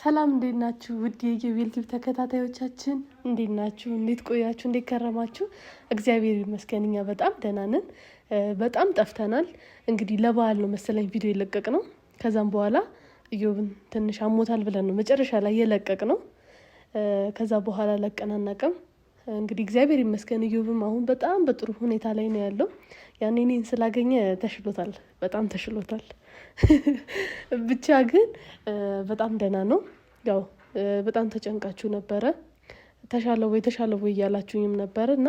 ሰላም እንዴት ናችሁ? ውድ የኢዮቤል ተከታታዮቻችን እንዴት ናችሁ? እንዴት ቆያችሁ? እንዴት ከረማችሁ? እግዚአብሔር ይመስገን እኛ በጣም ደህና ነን። በጣም ጠፍተናል። እንግዲህ ለበዓል ነው መሰለኝ ቪዲዮ የለቀቅ ነው። ከዛም በኋላ እዮብን ትንሽ አሞታል ብለን ነው መጨረሻ ላይ የለቀቅ ነው። ከዛ በኋላ ለቀን አናቅም። እንግዲህ እግዚአብሔር ይመስገን እዮብም አሁን በጣም በጥሩ ሁኔታ ላይ ነው ያለው። ያኔ እኔን ስላገኘ ተሽሎታል፣ በጣም ተሽሎታል። ብቻ ግን በጣም ደህና ነው። ያው በጣም ተጨንቃችሁ ነበረ ተሻለው ወይ ተሻለው ወይ እያላችሁኝም ነበር እና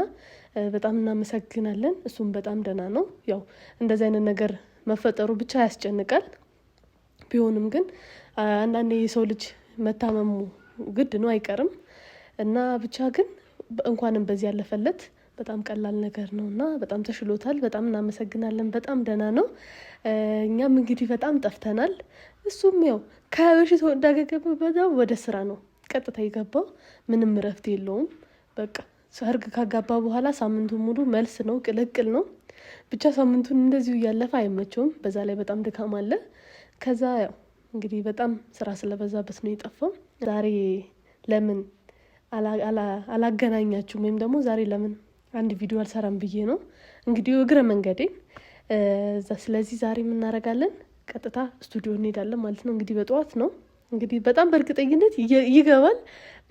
በጣም እናመሰግናለን። እሱም በጣም ደህና ነው። ያው እንደዚህ አይነት ነገር መፈጠሩ ብቻ ያስጨንቃል። ቢሆንም ግን አንዳንዴ የሰው ልጅ መታመሙ ግድ ነው አይቀርም እና ብቻ ግን እንኳንም በዚህ ያለፈለት በጣም ቀላል ነገር ነው እና በጣም ተሽሎታል። በጣም እናመሰግናለን። በጣም ደህና ነው። እኛም እንግዲህ በጣም ጠፍተናል። እሱም ያው እንዳገገበ በዛው ወደ ስራ ነው ቀጥታ የገባው። ምንም እረፍት የለውም። በቃ ሰርግ ካጋባ በኋላ ሳምንቱን ሙሉ መልስ ነው፣ ቅልቅል ነው። ብቻ ሳምንቱን እንደዚሁ እያለፈ አይመቸውም። በዛ ላይ በጣም ድካም አለ። ከዛ ያው እንግዲህ በጣም ስራ ስለበዛበት ነው የጠፋው። ዛሬ ለምን አላገናኛችሁም ወይም ደግሞ ዛሬ ለምን አንድ ቪዲዮ አልሰራም ብዬ ነው እንግዲህ እግረ መንገዴ እዛ። ስለዚህ ዛሬ የምናረጋለን ቀጥታ ስቱዲዮ እንሄዳለን ማለት ነው። እንግዲህ በጠዋት ነው እንግዲህ በጣም በእርግጠኝነት ይገባል።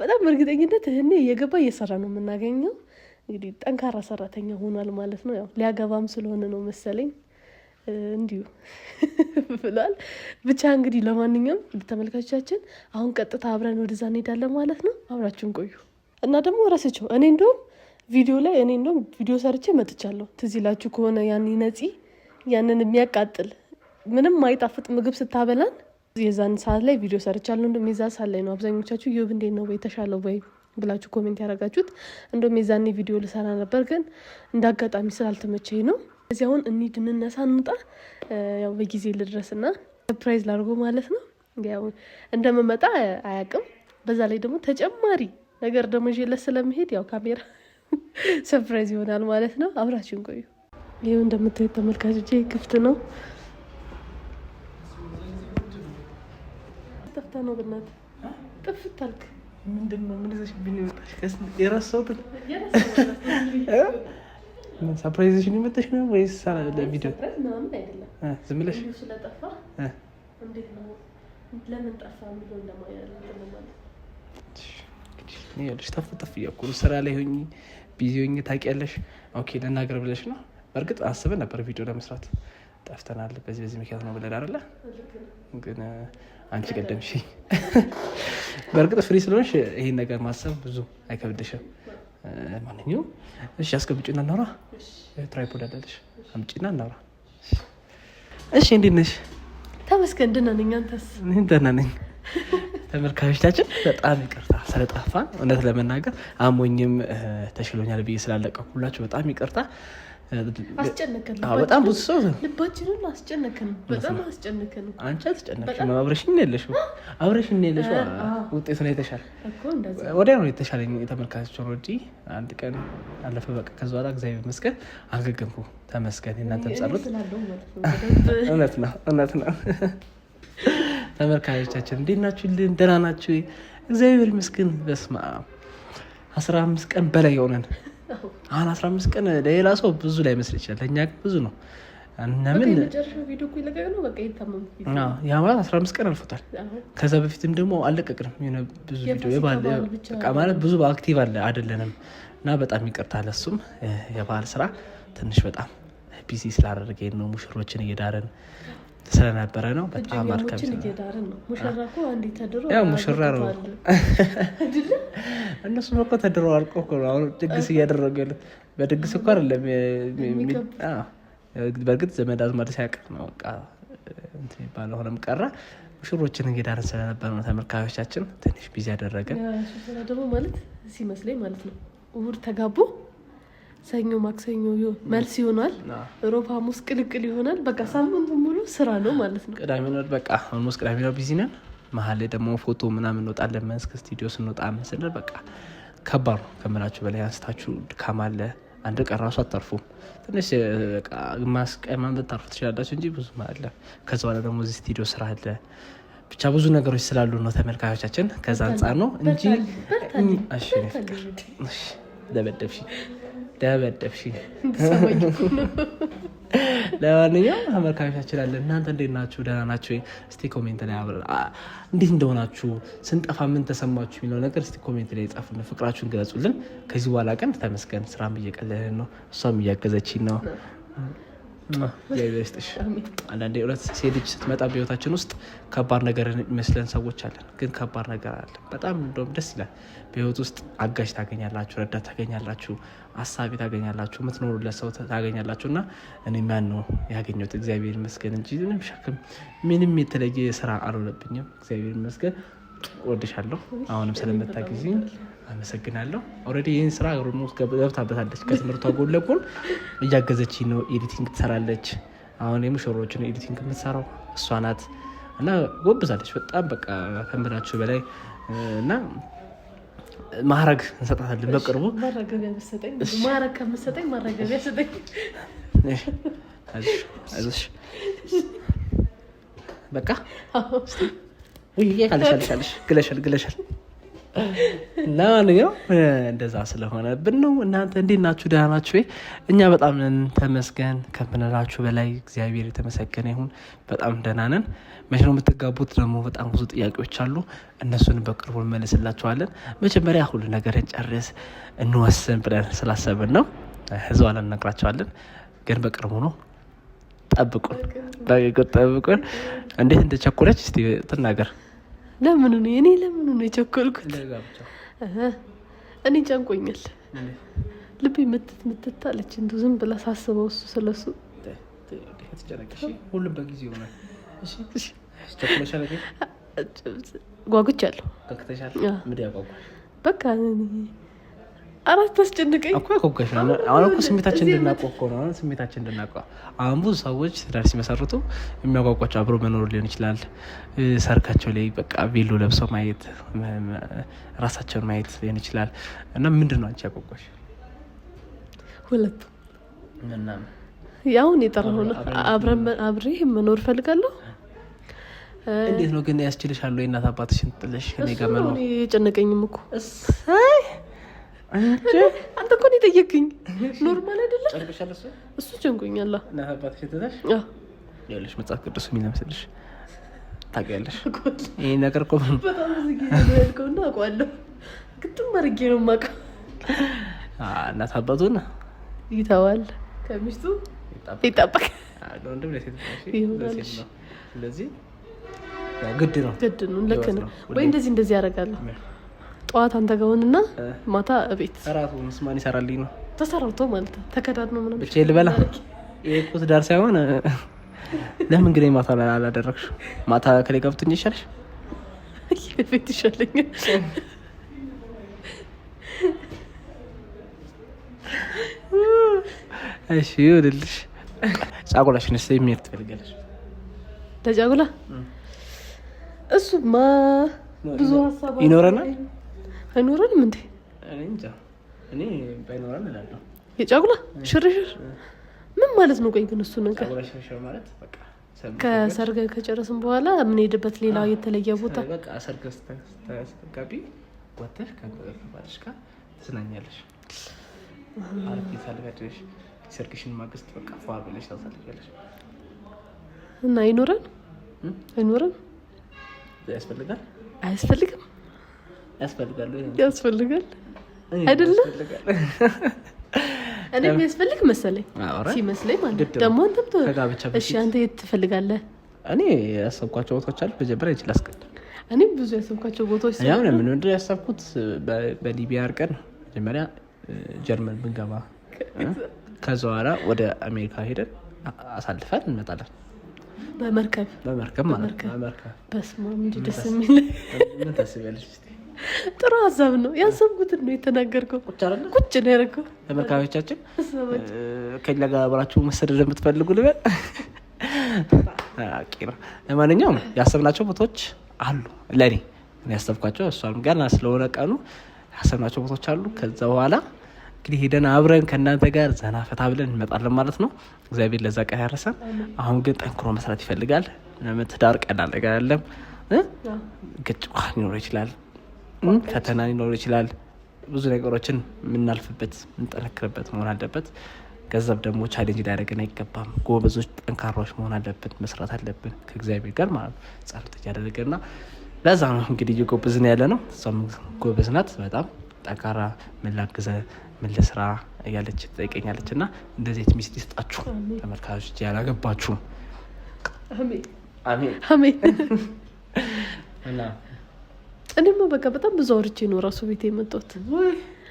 በጣም በእርግጠኝነት እህኔ እየገባ እየሰራ ነው የምናገኘው። እንግዲህ ጠንካራ ሰራተኛ ሆኗል ማለት ነው። ያው ሊያገባም ስለሆነ ነው መሰለኝ እንዲሁ ብሏል። ብቻ እንግዲህ ለማንኛውም ተመልካቾቻችን አሁን ቀጥታ አብረን ወደዛ እንሄዳለን ማለት ነው። አብራችሁን ቆዩ እና ደግሞ ረስቸው እኔ እንዲሁም ቪዲዮ ላይ እኔ እንደውም ቪዲዮ ሰርቼ መጥቻለሁ። ትዝ ይላችሁ ከሆነ ያን ነፂ ያንን የሚያቃጥል ምንም ማይጣፍጥ ምግብ ስታበላን የዛን ሰዓት ላይ ቪዲዮ ሰርቻለሁ። እንደውም የዛ ሰዓት ላይ ነው አብዛኞቻችሁ ዮብ እንዴት ነው ወይ ተሻለው ወይ ብላችሁ ኮሜንት ያደረጋችሁት። እንደውም የዛኔ ቪዲዮ ልሰራ ነበር፣ ግን እንደ አጋጣሚ ስላልተመቸኝ ነው። እዚህ አሁን እንሂድ፣ እንነሳ፣ እንውጣ። ያው በጊዜ ልድረስና ሰርፕራይዝ ላድርጎ ማለት ነው። ያው እንደምመጣ አያውቅም። በዛ ላይ ደግሞ ተጨማሪ ነገር ደግሞ ይዤለት ስለመሄድ ያው ካሜራ ሰርፕራይዝ ይሆናል ማለት ነው። አብራችን ቆዩ። ይህ እንደምታዩት ተመልካች ተመልካቾቼ ክፍት ነው። ጠፍታ ነው ብናት ጥፍት አልክ። ምንድን ነው ምን ይዘሽብኝ የመጣሽ? የረሳሁት ሰርፕራይዜሽን የመጣሽ ነው ወይስ ቪዲዮ ዝም ብለሽ ስለጠፋ ለምን ጠፋ የሚለውን ለማለት ይኸውልሽ ተፍተፍ እያልኩ ስራ ላይ ሆኜ ቢዚ ሆኜ ታውቂያለሽ። ኦኬ ልናገር ብለሽ ነው። በእርግጥ አስበን ነበር ቪዲዮ ለመስራት ጠፍተናል፣ በዚህ በዚህ ምክንያት ነው ብለን አይደለ? ግን አንቺ ቀደምሽ። በእርግጥ ፍሪ ስለሆንሽ ይሄን ነገር ማሰብ ብዙ አይከብድሽም። ማንኛውም እሺ፣ አስገብጭና እናውራ። ትራይፖድ አለሽ አምጪና እናውራ። እሺ፣ እንዴት ነሽ? ተመስገን፣ ደህና ነኝ። አንተስ? ደህና ነኝ። ተመልካቾቻችን በጣም ይቅርታ ስለጠፋ እውነት ለመናገር አሞኝም ተሽሎኛል ብዬ ስላለቀኩላችሁ በጣም ይቅርታ። በጣም ብዙ ሰው ልባችንን አስጨነቅን። በጣም አስጨነቅን። አንቺ አስጨነቅሽም። አብረሽኝ ነው አብረሽኝ ነው የለሽው። ውጤቱ ነው የተሻለ ወዲያ ነው የተሻለኝ። ተመልካቾችን ወዲ አንድ ቀን አለፈ በቃ። ከዚ በኋላ እግዚአብሔር ይመስገን አገገምኩ። ተመስገን። የእናንተም ጸሎት እውነት ነው፣ እውነት ነው። ተመልካቾቻችን እንዴት ናችሁልን? ደህና ናችሁ? እግዚአብሔር ይመስገን። በስመ አብ አስራ አምስት ቀን በላይ የሆነን አሁን አስራ አምስት ቀን ለሌላ ሰው ብዙ ላይ መስል ይችላል፣ ለእኛ ብዙ ነው። ምን ያ ማለት አስራ አምስት ቀን አልፎታል። ከዛ በፊትም ደግሞ አለቀቅንም ሆነ ብዙ ቪዲዮ ማለት ብዙ በአክቲቭ አለ አይደለንም እና በጣም ይቅርታ ለሱም የባህል ስራ ትንሽ በጣም ቢዚ ስላደረገ ነው ሙሽሮችን እየዳረን ስለነበረ ነው። በጣም አርከብ ያው ሙሽራ ነው። እነሱ እኮ ተድሮ አልቆ አሁን ድግስ እያደረገ በድግስ እኮ አይደለም። በእርግጥ ዘመድ አዝማድ ሲያቀር ነው በቃ የሚባለው። ሆነም ቀረ ሙሽሮችን እንጌዳርን ስለነበር ነው ተመልካቾቻችን ትንሽ ቢዚ ያደረገን። ደግሞ ማለት ሲመስለኝ ማለት ነው እሑድ ተጋቡ ሰኞ፣ ማክሰኞ መልስ ይሆናል። ሮብ፣ ሐሙስ ቅልቅል ይሆናል። በቃ ሳምንቱ ሙሉ ስራ ነው ማለት ነው። ቅዳሜ ነው በቃ ኦልሞስት ቅዳሜ ነው ቢዚ ነን። መሀል ላይ ደግሞ ፎቶ ምናምን እንወጣለን። መንስክ ስቱዲዮ ስንወጣ ምን ስንል በቃ ከባድ ነው ከምላችሁ በላይ አንስታችሁ ድካም አለ። አንድ ቀን ራሱ አታርፉም። ትንሽ ማስቀማን ልታርፉ ትችላላችሁ እንጂ ብዙ አለ። ከዚ በኋላ ደግሞ እዚህ ስቱዲዮ ስራ አለ። ብቻ ብዙ ነገሮች ስላሉ ነው ተመልካቾቻችን። ከዛ አንጻር ነው እንጂ ለበደብሽ ደበደብሽኝ። ለማንኛውም ተመልካቾቻችን አለን እናንተ እንዴት ናችሁ? ደህና ናችሁ? እስቲ ኮሜንት ላይ አብረን እንዴት እንደሆናችሁ ስንጠፋ ምን ተሰማችሁ የሚለው ነገር እስቲ ኮሜንት ላይ ጻፉልን፣ ፍቅራችሁን ገለጹልን። ከዚህ በኋላ ቀን ተመስገን ስራም እየቀለልን ነው፣ እሷም እያገዘችኝ ነው። እግዚአብሔር ይስጥሽ። አንዳንዴ እውነት ሴት ልጅ ስትመጣ በህይወታችን ውስጥ ከባድ ነገር የሚመስለን ሰዎች አለን፣ ግን ከባድ ነገር አለ። በጣም እንደውም ደስ ይላል። በህይወት ውስጥ አጋዥ ታገኛላችሁ፣ ረዳት ታገኛላችሁ፣ አሳቢ ታገኛላችሁ፣ የምትኖሩለት ሰው ታገኛላችሁ። እና እኔም ያን ነው ያገኘሁት እግዚአብሔር ይመስገን እንጂ ምንም ሸክም ምንም የተለየ ስራ አልሆነብኝም። እግዚአብሔር ይመስገን። ወድሻለሁ አሁንም ስለመታ ጊዜ አመሰግናለሁ። ኦልሬዲ ይህን ስራ ገብታበታለች። ከትምህርቷ ጎን ለጎን እያገዘች ነው፣ ኤዲቲንግ ትሰራለች። አሁን የሙሽሮችን ኤዲቲንግ የምትሰራው እሷ ናት እና ጎብዛለች በጣም በቃ ከምላችሁ በላይ እና ማረግ እንሰጣታለን በቅርቡ በቃ ግለሻል ግለሻል ለማንኛውም እንደዛ ስለሆነብን ነው። እናንተ እንዴት ናችሁ? ደህና ናችሁ? እኛ በጣም ተመስገን ከምንላችሁ በላይ እግዚአብሔር የተመሰገነ ይሁን። በጣም ደናነን መቼ ነው የምትጋቡት? ደግሞ በጣም ብዙ ጥያቄዎች አሉ። እነሱን በቅርቡ እንመልስላችኋለን። መጀመሪያ ሁሉ ነገር ጨርስ እንወስን ብለን ስላሰብን ነው ህዝብ አላነግራቸዋለን፣ ግን በቅርቡ ነው። ጠብቁን፣ ጠብቁን። እንዴት እንደቸኮለች ስ ትናገር ለምኑ ነው እኔ ለምኑ ነው የቸኮልኩት? እኔ ጨንቆኛል። ልቤ ምትት ምትት አለች። እንዱ ዝም ብላ ሳስበው እሱ ስለሱ ሁሉም በጊዜ ይሆናል። ጓጉቻለሁ በቃ አራት ታስጨንቀኝ እኮ ያኮብካሽ ነው። አሁን እኮ ስሜታችን እንድናውቀው እኮ ነው። ስሜታችን እንድናውቀው አሁን ብዙ ሰዎች ትዳር ሲመሰርቱ የሚያጓጓቸው አብሮ መኖር ሊሆን ይችላል። ሰርካቸው ላይ በቃ ቤሎ ለብሰው ማየት፣ ራሳቸውን ማየት ሊሆን ይችላል። እና ምንድን ነው አንቺ ያጓጓሽ? ሁለቱ ያሁን የጠራሁ አብሬ መኖር እፈልጋለሁ። እንዴት ነው ግን ያስችልሻለሁ? የእናት አባትሽን ጥለሽ እኔ ጋር መኖር የጨነቀኝም እኮ አንተ እኮ ነው ኖርማል አይደለም። እሱ ጨንቆኛል። ያለሽ መጽሐፍ ቅዱስ የሚለምስልሽ ታውቂያለሽ። ይህ ነገር እኮ በጣም ብዙ አውቀዋለሁ። ግጥም አድርጌ ነው የማውቀው። እናት አባቱን ይተዋል፣ ከሚስቱ ይጠበቅ ስለዚህ ግድ ነው፣ ግድ ነው። ልክ ነው ወይ? እንደዚህ እንደዚህ ያደርጋለሁ ጠዋት አንተ ጋር ሆንና ማታ እቤት እራት ሆንስ ማን ይሰራልኝ ነው? ተሰራቶ ማለት ነው። ተከዳድነው ምናምን ብቻ ልበላ። የቁት ዳር ሳይሆን ለምን ግን ማታ ላይ አላደረግሽ? ማታ ከሌ ገብቶኝ ይሻልሽ ቤት ይሻለኛል። እሺ ይሁንልሽ። ጫጉላሽ እስኪ የሚሄድ ትፈልጋለሽ? ለጫጉላ እሱማ ብዙ ሀሳብ ይኖረናል። አይኖረንም እንዴ? የጫጉላ ሽርሽር ምን ማለት ነው? ቆይ ግን እሱ ነገር ከሰርግ ከጨረስን በኋላ የምንሄድበት ሌላ የተለየ ቦታ ሰርግ ወተሽ ከባለሽ ጋር ትዝናኛለሽ። ሰርግሽን ማግስት በቃ ፏ ብለሽ ታሳልፊያለሽ። እና አይኖረን አይኖረን ያስፈልጋል አያስፈልግም ያስፈልጋል አይደለ? እኔ የሚያስፈልግ መሰለኝ ሲመስለኝ ማለት ደግሞ አንተም እሺ፣ አንተ የት ትፈልጋለህ? እኔ ያሰብኳቸው ቦታዎች አሉ። መጀመሪያ ይችል አስቀድም እኔ ብዙ ያሰብኳቸው ቦታዎች ያው ነው። ምን ምንድን ያሰብኩት በሊቢያ አርቀን መጀመሪያ ጀርመን ብንገባ ከዛ በኋላ ወደ አሜሪካ ሄደን አሳልፈን እንመጣለን። በመርከብ በመርከብ ማለት በመርከብ በስመ አብ እንዲህ ደስ የሚል ጥሩ ሀሳብ ነው። ያሰብኩትን ነው የተናገርከው። ቁጭ ነው ያደረገው። ተመልካቾቻችን ከኛ ጋር አብራችሁ መሰደድ የምትፈልጉ ልበል። ነው። ለማንኛውም ያሰብናቸው ቦታዎች አሉ። ለእኔ ያሰብኳቸው እሷም ገና ስለሆነ ቀኑ ያሰብናቸው ቦታዎች አሉ። ከዛ በኋላ እንግዲህ ሄደን አብረን ከእናንተ ጋር ዘና ፈታ ብለን እንመጣለን ማለት ነው። እግዚአብሔር ለዛ ቀን ያደረሰን። አሁን ግን ጠንክሮ መስራት ይፈልጋል። ትዳር ቀላል ነገር አለም ግጭ ሊኖረው ይችላል። ፈተና ሊኖር ይችላል። ብዙ ነገሮችን የምናልፍበት የምንጠነክርበት መሆን አለበት። ገንዘብ ደግሞ ቻሌንጅ ሊያደርገን አይገባም። ጎበዞች፣ ጠንካራዎች መሆን አለብን። መስራት አለብን ከእግዚአብሔር ጋር ማለት ነው። ጸሎት እያደረገ ና ለዛ ነው እንግዲህ እየጎበዝን ያለ ነው። እሷም ጎበዝ ናት በጣም ጠንካራ። ምን ላግዘ፣ ምን ልስራ እያለች ትጠይቀኛለች። እና እንደዚህ ሚስት ይስጣችሁ ተመልካቾች፣ ያላገባችሁም አሜን እና እኔማ በቃ በጣም ብዙ አውርቼ ነው ራሱ ቤት የመጣሁት።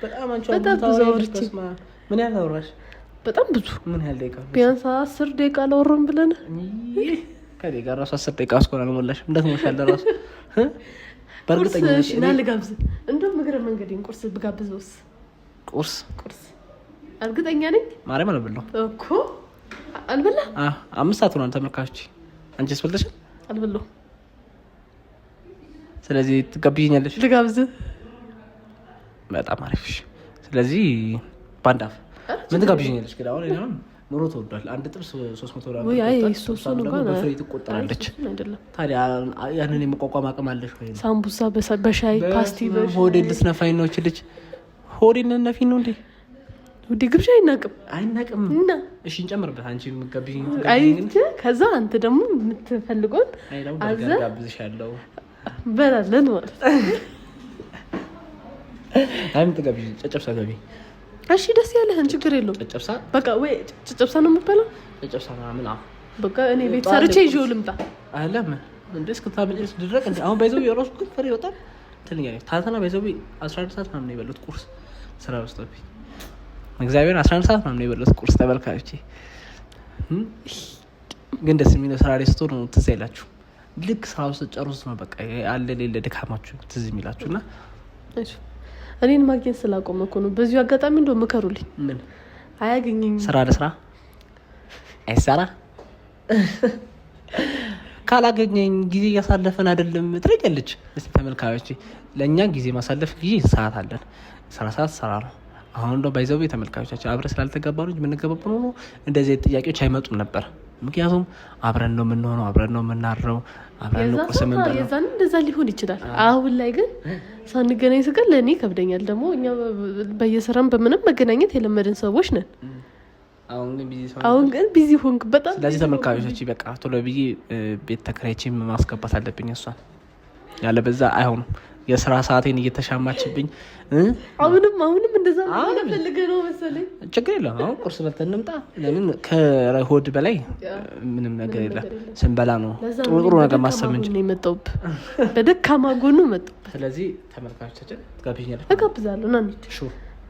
በጣም ብዙ አውርቼ ምን ያህል አውራሽ? በጣም ብዙ ምን ያህል ደቂቃ? ቢያንስ አስር ደቂቃ አላወራም ብለን ከደቂቃ ራሱ አስር ደቂቃ እስኮን አልሞላሽም። ደክሞሻል ራሱ በእርግጠኝና ልጋብዝ። እንደውም እግረ መንገዴን ቁርስ ብጋብዘውስ? ቁርስ ቁርስ እርግጠኛ ነኝ ማርያም አልበላሁ እኮ አልበላ። አምስት ሰዓት ሆኗል ተመልካቾች። አንቺ በልተሻል? አልበላሁም ስለዚህ ትጋብዥኛለሽ? ልጋብዝ። በጣም አሪፍ። ስለዚህ ባንዳፍ ምን ትጋብዥኛለሽ? ግን አሁን ሆን ኑሮ ተወዷል። አንድ ጥብስ ሶስት መቶ ፍሬ ትቆጠራለች። ታዲያ ያንን የመቋቋም አቅም አለሽ ወይ? ሳምቡሳ በሻይ ፓስቲ ሆዴን ልትነፋኝ ነው። ችልች ሆዴ ነፊ ነው እንዴ? ውዴ ግብዣ አይናቅም አይናቅም። እና እሺ እንጨምርበት። አንቺ የምትጋብዥኝ ከዛ አንተ ደግሞ የምትፈልገውን አዘ በላለን ማለት አይም ጨጨብሳ ገቢ እሺ፣ ደስ ያለህን ችግር የለውም። ጨጨብሳ በቃ ወይ ጨጨብሳ ነው የምትበላው። ጨጨብሳ ምናምን በቃ እኔ ቤት ሰርቼ ይዤው ልምጣ። አለም እንደ እስክታመጪ ድረቅ እንደ አሁን ባይዘው የራሱ ግን ፍሬ በጣም ትልኛለች። ታትና ባይዘው አስራ አንድ ሰዓት ምናምን የበሉት ቁርስ ስራ በስተቢ እግዚአብሔር አስራ አንድ ሰዓት ምናምን የበሉት ቁርስ ተመልካዮቼ፣ ግን ደስ የሚለው ስራ ሬስቶ ነው ትዝ ልክ ስራ ውስጥ ጨርስ ነው በቃ ያለ ሌለ ድካማችሁ ትዝ የሚላችሁ እና እኔን ማግኘት ስላቆመ እኮ ነው። በዚሁ አጋጣሚ እንደ ምከሩልኝ። ምን አያገኘኝ ስራ ለስራ አይሰራ ካላገኘኝ ጊዜ እያሳለፈን አይደለም ትለኛለች። እስቲ ተመልካዮች፣ ለእኛ ጊዜ ማሳለፍ ጊዜ ሰዓት አለን። ስራ ሰዓት ስራ ነው። አሁን እንደው ባይዘቡ የተመልካዮቻቸው አብረ ስላልተጋባ ነው የምንገባብ ሆኖ እንደዚህ ጥያቄዎች አይመጡም ነበር። ምክንያቱም አብረን ነው የምንሆነው፣ አብረን ነው የምናድረው፣ አብረን ነው ቁርስ የምንበላው። እንደዛ ሊሆን ይችላል። አሁን ላይ ግን ሳንገናኝ ስቀር ለእኔ ይከብደኛል። ደግሞ እኛ በየስራም በምንም መገናኘት የለመድን ሰዎች ነን። አሁን ግን ቢዚ ሆንክ በጣም። ስለዚህ ተመልካቾች በቃ ቶሎ ብዬ ቤት ተከራይቼ ማስገባት አለብኝ እሷን ያለበዛ አይሆኑም። የስራ ሰዓቴን እየተሻማችብኝ አሁንም አሁንም እንደዛ ፈልገህ ነው መሰለኝ። ችግር የለም አሁን ቁርስ በልተን እንምጣ። ለምን ከሆድ በላይ ምንም ነገር የለም። ስንበላ ነው ጥሩ ነገር ማሰብ እንጂ የመጣሁብህ በደካማ ጎኑ መጣሁብህ። ስለዚህ ተመልካቾቻችን ትጋብዣለሽ? እጋብዛለሁ። ና እንሂድ።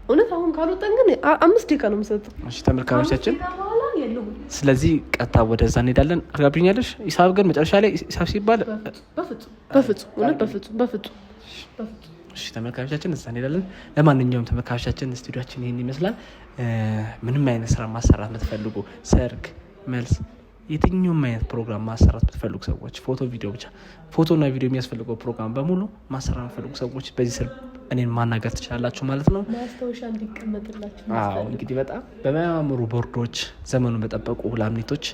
እውነት አሁን ካልወጣን ግን አምስት ደቂቃ ነው የምሰጠው። ተመልካቾቻችን፣ ስለዚህ ቀጥታ ወደዛ እንሄዳለን። አርጋብኛለሽ ሂሳብ ግን መጨረሻ ላይ ሂሳብ ሲባል እሺ ተመልካቾቻችን፣ እዛ እንሄዳለን። ለማንኛውም ተመልካቾቻችን፣ ስቱዲዮችን ይህን ይመስላል። ምንም አይነት ስራ ማሰራት የምትፈልጉ ሰርግ፣ መልስ የትኛውም አይነት ፕሮግራም ማሰራት የምትፈልጉ ሰዎች ፎቶ፣ ቪዲዮ ብቻ ፎቶና ቪዲዮ የሚያስፈልገው ፕሮግራም በሙሉ ማሰራት ፈልጉ ሰዎች በዚህ ስር እኔን ማናገር ትችላላችሁ ማለት ነው። እንግዲህ በጣም በሚያማምሩ ቦርዶች ዘመኑን በጠበቁ ላምኔቶች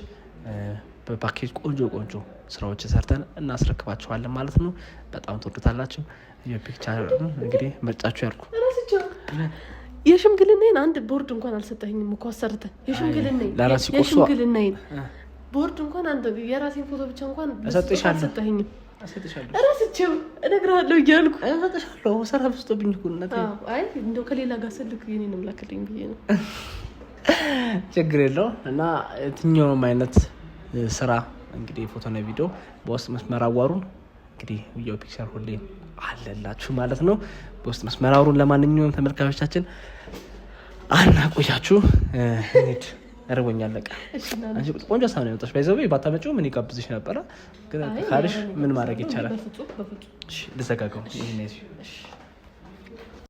በፓኬጅ ቆንጆ ቆንጆ ስራዎች ሰርተን እናስረክባችኋለን ማለት ነው። በጣም ትወዱታላችሁ። የፒክቸር እንግዲህ ምርጫችሁ ያልኩ የሽምግልናይን አንድ ቦርድ እንኳን አልሰጠኝም እኮ አሰርተ የሽምግልናዬን የሽምግልናይን ቦርድ እንኳን አንተ የራሴን ፎቶ ብቻ እንኳን አልሰጠኸኝም። እረስቼው እነግርሃለሁ እያልኩ እሰጥሻለሁ። ስራ ብስጦብኝ እኮ እናቴ። አይ እንደው ከሌላ ጋር ስልክ የእኔን ምላክልኝ ብዬ ነው። ችግር የለው እና የትኛውም አይነት ስራ እንግዲህ ፎቶና ቪዲዮ በውስጥ መስመር አዋሩን እንግዲህ ውያው ፒክቸር ሁሌ አለላችሁ ማለት ነው። በውስጥ መስመር አውሩን። ለማንኛውም ተመልካቾቻችን አናቆያችሁ እንሂድ። ያደርጎኛ አንቺ ቆንጆ ሀሳብ ነው የመጣሽ። ባይዘ ባታመጪው ምን ይጋብዝሽ ነበረ ካልሽ ምን ማድረግ ይቻላል? ልዘጋገው